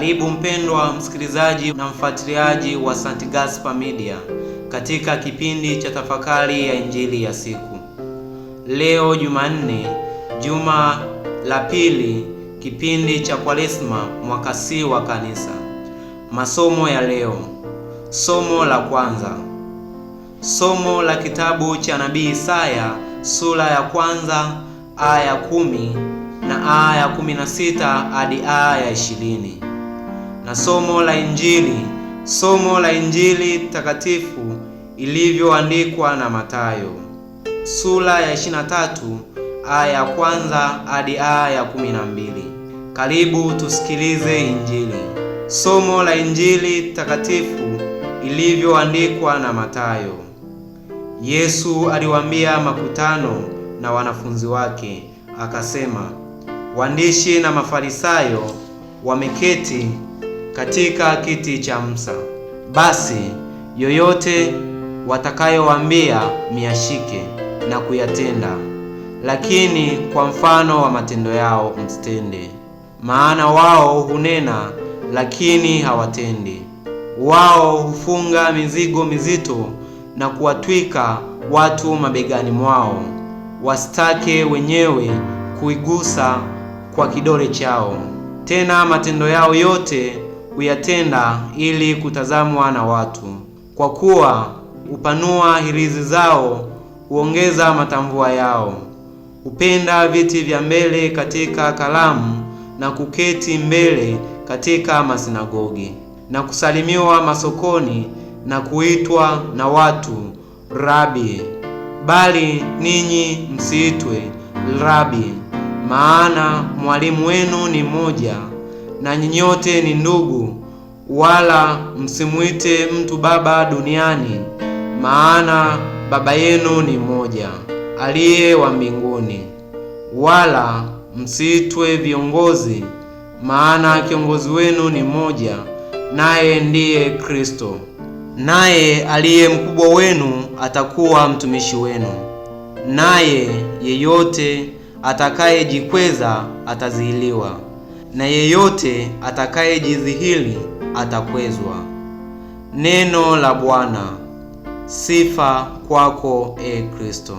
Karibu mpendwa msikilizaji na mfuatiliaji wa St. Gaspar Media katika kipindi cha tafakari ya injili ya siku. Leo Jumanne, juma la pili, kipindi cha Kwaresma, mwaka C wa Kanisa. Masomo ya leo. Somo la kwanza, somo la kitabu cha nabii Isaya sura ya kwanza aya ya kumi na aya ya kumi na sita hadi aya ya ishirini na somo la Injili, somo la Injili takatifu ilivyoandikwa na Mathayo sura ya 23 aya ya kwanza hadi aya ya 12. Karibu tusikilize Injili. Somo la Injili takatifu ilivyoandikwa na Mathayo. Yesu aliwaambia makutano na wanafunzi wake akasema, waandishi na Mafarisayo wameketi katika kiti cha Musa. Basi yoyote watakayowaambia miyashike na kuyatenda, lakini kwa mfano wa matendo yao msitende. Maana wao hunena lakini hawatendi. Wao hufunga mizigo mizito na kuwatwika watu mabegani mwao, wasitake wenyewe kuigusa kwa kidole chao. Tena matendo yao yote kuyatenda ili kutazamwa na watu, kwa kuwa hupanua hirizi zao, huongeza matamvua yao, hupenda viti vya mbele katika karamu na kuketi mbele katika masinagogi na kusalimiwa masokoni na kuitwa na watu Rabi. Bali ninyi msiitwe Rabi, maana mwalimu wenu ni mmoja na wote ni ndugu, wala msimwite mtu baba duniani, maana baba yenu ni mmoja aliye wa mbinguni. Wala msiitwe viongozi, maana kiongozi wenu ni mmoja, naye ndiye Kristo. Naye aliye mkubwa wenu atakuwa mtumishi wenu, naye yeyote atakayejikweza ataziiliwa na yeyote atakayejidhihiri atakwezwa. Neno la Bwana. Sifa kwako e Kristo.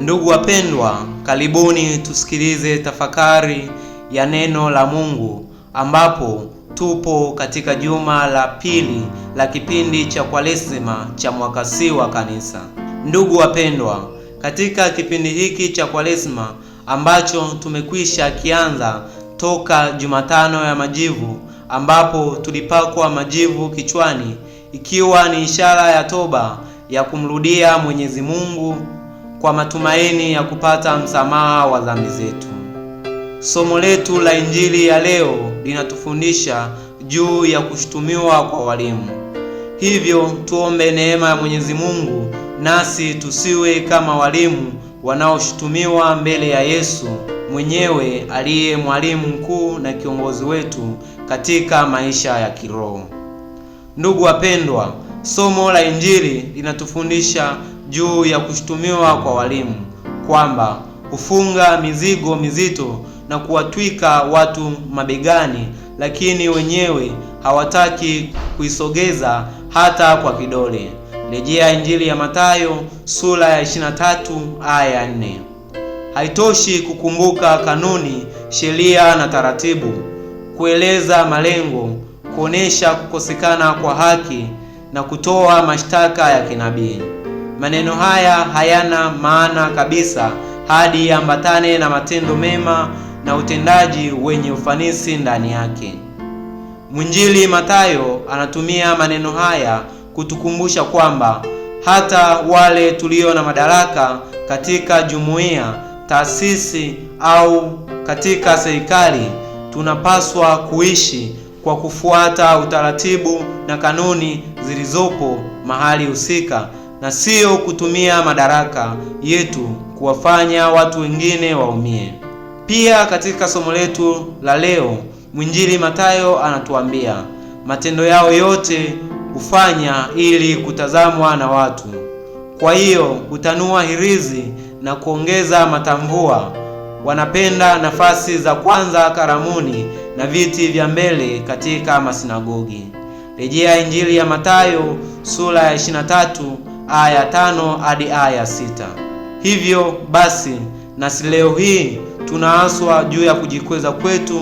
Ndugu wapendwa, karibuni tusikilize tafakari ya neno la Mungu ambapo tupo katika juma la pili la kipindi cha Kwaresima cha mwaka C wa Kanisa. Ndugu wapendwa, katika kipindi hiki cha Kwaresima ambacho tumekwisha kianza toka Jumatano ya majivu ambapo tulipakwa majivu kichwani ikiwa ni ishara ya toba ya kumrudia Mwenyezi Mungu kwa matumaini ya kupata msamaha wa dhambi zetu. Somo letu la Injili ya leo linatufundisha juu ya kushutumiwa kwa walimu. Hivyo tuombe neema ya Mwenyezi Mungu nasi tusiwe kama walimu wanaoshutumiwa mbele ya Yesu mwenyewe aliye mwalimu mkuu na kiongozi wetu katika maisha ya kiroho. Ndugu wapendwa, somo la Injili linatufundisha juu ya kushutumiwa kwa walimu kwamba hufunga mizigo mizito na kuwatwika watu mabegani, lakini wenyewe hawataki kuisogeza hata kwa kidole. Rejea Injili ya Mathayo sura ya 23 aya 4 haitoshi kukumbuka kanuni, sheria na taratibu, kueleza malengo, kuonesha kukosekana kwa haki na kutoa mashtaka ya kinabii. Maneno haya hayana maana kabisa hadi ambatane na matendo mema na utendaji wenye ufanisi ndani yake. Mwinjili Mathayo anatumia maneno haya kutukumbusha kwamba hata wale tulio na madaraka katika jumuiya taasisi au katika serikali, tunapaswa kuishi kwa kufuata utaratibu na kanuni zilizopo mahali husika na sio kutumia madaraka yetu kuwafanya watu wengine waumie. Pia katika somo letu la leo, mwinjili Mathayo anatuambia matendo yao yote hufanya ili kutazamwa na watu. Kwa hiyo kutanua hirizi na kuongeza matamvua. Wanapenda nafasi za kwanza karamuni na viti vya mbele katika masinagogi. Rejea Injili ya Mathayo sura ya 23 aya 5 hadi aya 6. Hivyo basi, nasi leo hii tunaaswa juu ya kujikweza kwetu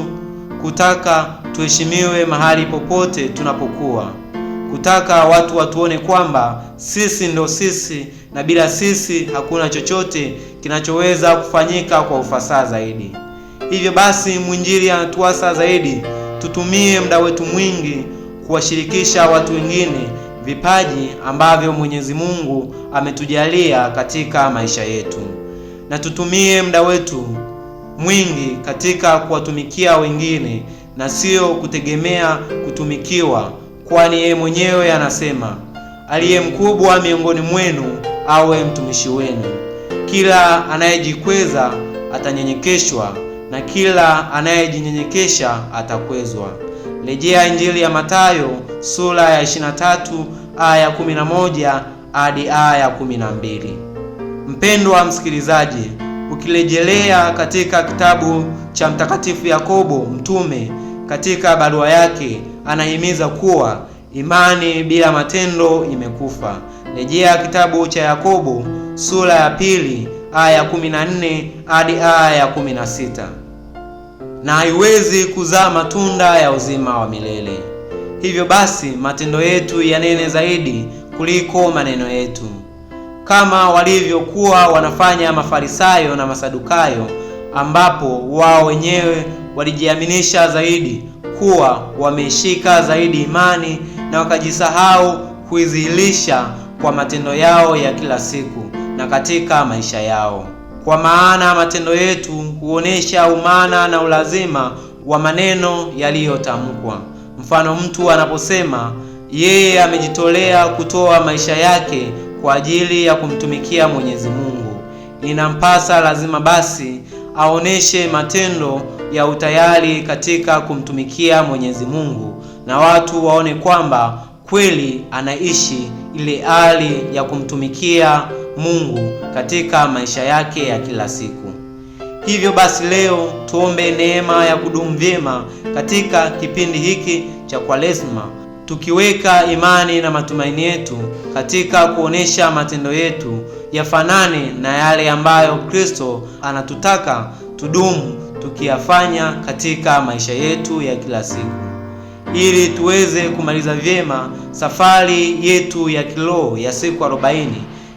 kutaka tuheshimiwe mahali popote tunapokuwa kutaka watu watuone kwamba sisi ndo sisi na bila sisi hakuna chochote kinachoweza kufanyika kwa ufasaha zaidi. Hivyo basi, mwinjili anatuasa zaidi tutumie muda wetu mwingi kuwashirikisha watu wengine vipaji ambavyo Mwenyezi Mungu ametujalia katika maisha yetu, na tutumie muda wetu mwingi katika kuwatumikia wengine na sio kutegemea kutumikiwa kwani yeye mwenyewe anasema, aliye mkubwa miongoni mwenu awe mtumishi wenu. Kila anayejikweza atanyenyekeshwa na kila anayejinyenyekesha atakwezwa. Rejea Injili ya Mathayo sura ya 23 aya 11 hadi aya 12. Mpendwa msikilizaji, ukirejelea katika kitabu cha Mtakatifu Yakobo mtume katika barua yake anahimiza kuwa imani bila matendo imekufa. Rejea kitabu cha Yakobo sura ya pili aya ya 14 hadi aya ya 16. Na haiwezi kuzaa matunda ya uzima wa milele. Hivyo basi matendo yetu yanene zaidi kuliko maneno yetu, kama walivyokuwa wanafanya Mafarisayo na Masadukayo, ambapo wao wenyewe walijiaminisha zaidi kuwa wameishika zaidi imani na wakajisahau kuidhihirisha kwa matendo yao ya kila siku na katika maisha yao, kwa maana matendo yetu huonesha umana na ulazima wa maneno yaliyotamkwa. Mfano, mtu anaposema yeye amejitolea kutoa maisha yake kwa ajili ya kumtumikia Mwenyezi Mungu, inampasa lazima basi aoneshe matendo ya utayari katika kumtumikia Mwenyezi Mungu na watu waone kwamba kweli anaishi ile hali ya kumtumikia Mungu katika maisha yake ya kila siku. Hivyo basi leo tuombe neema ya kudumu vyema katika kipindi hiki cha Kwaresma tukiweka imani na matumaini yetu katika kuonesha matendo yetu yafanane na yale ambayo Kristo anatutaka tudumu tukiyafanya katika maisha yetu ya kila siku, ili tuweze kumaliza vyema safari yetu ya kiroho ya siku 40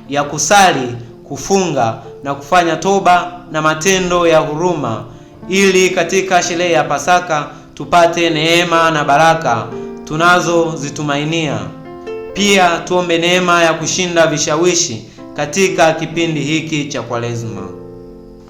ya kusali, kufunga na kufanya toba na matendo ya huruma, ili katika sherehe ya Pasaka tupate neema na baraka tunazozitumainia. Pia tuombe neema ya kushinda vishawishi katika kipindi hiki cha Kwaresma.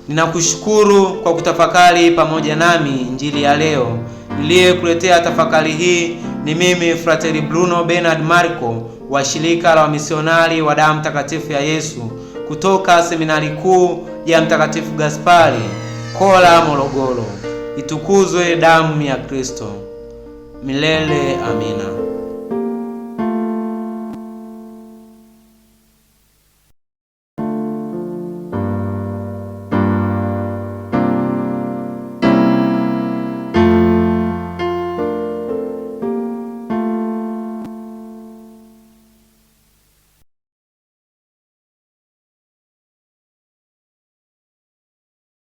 Ninakushukuru kwa kutafakari pamoja nami Injili ya leo. Niliyekuletea tafakari hii ni mimi Frateri Bruno Bernard Marco wa shirika la wamisionari wa damu takatifu ya Yesu kutoka seminari kuu ya Mtakatifu Gaspari Kola, Morogoro. Itukuzwe damu ya Kristo! milele. Amina.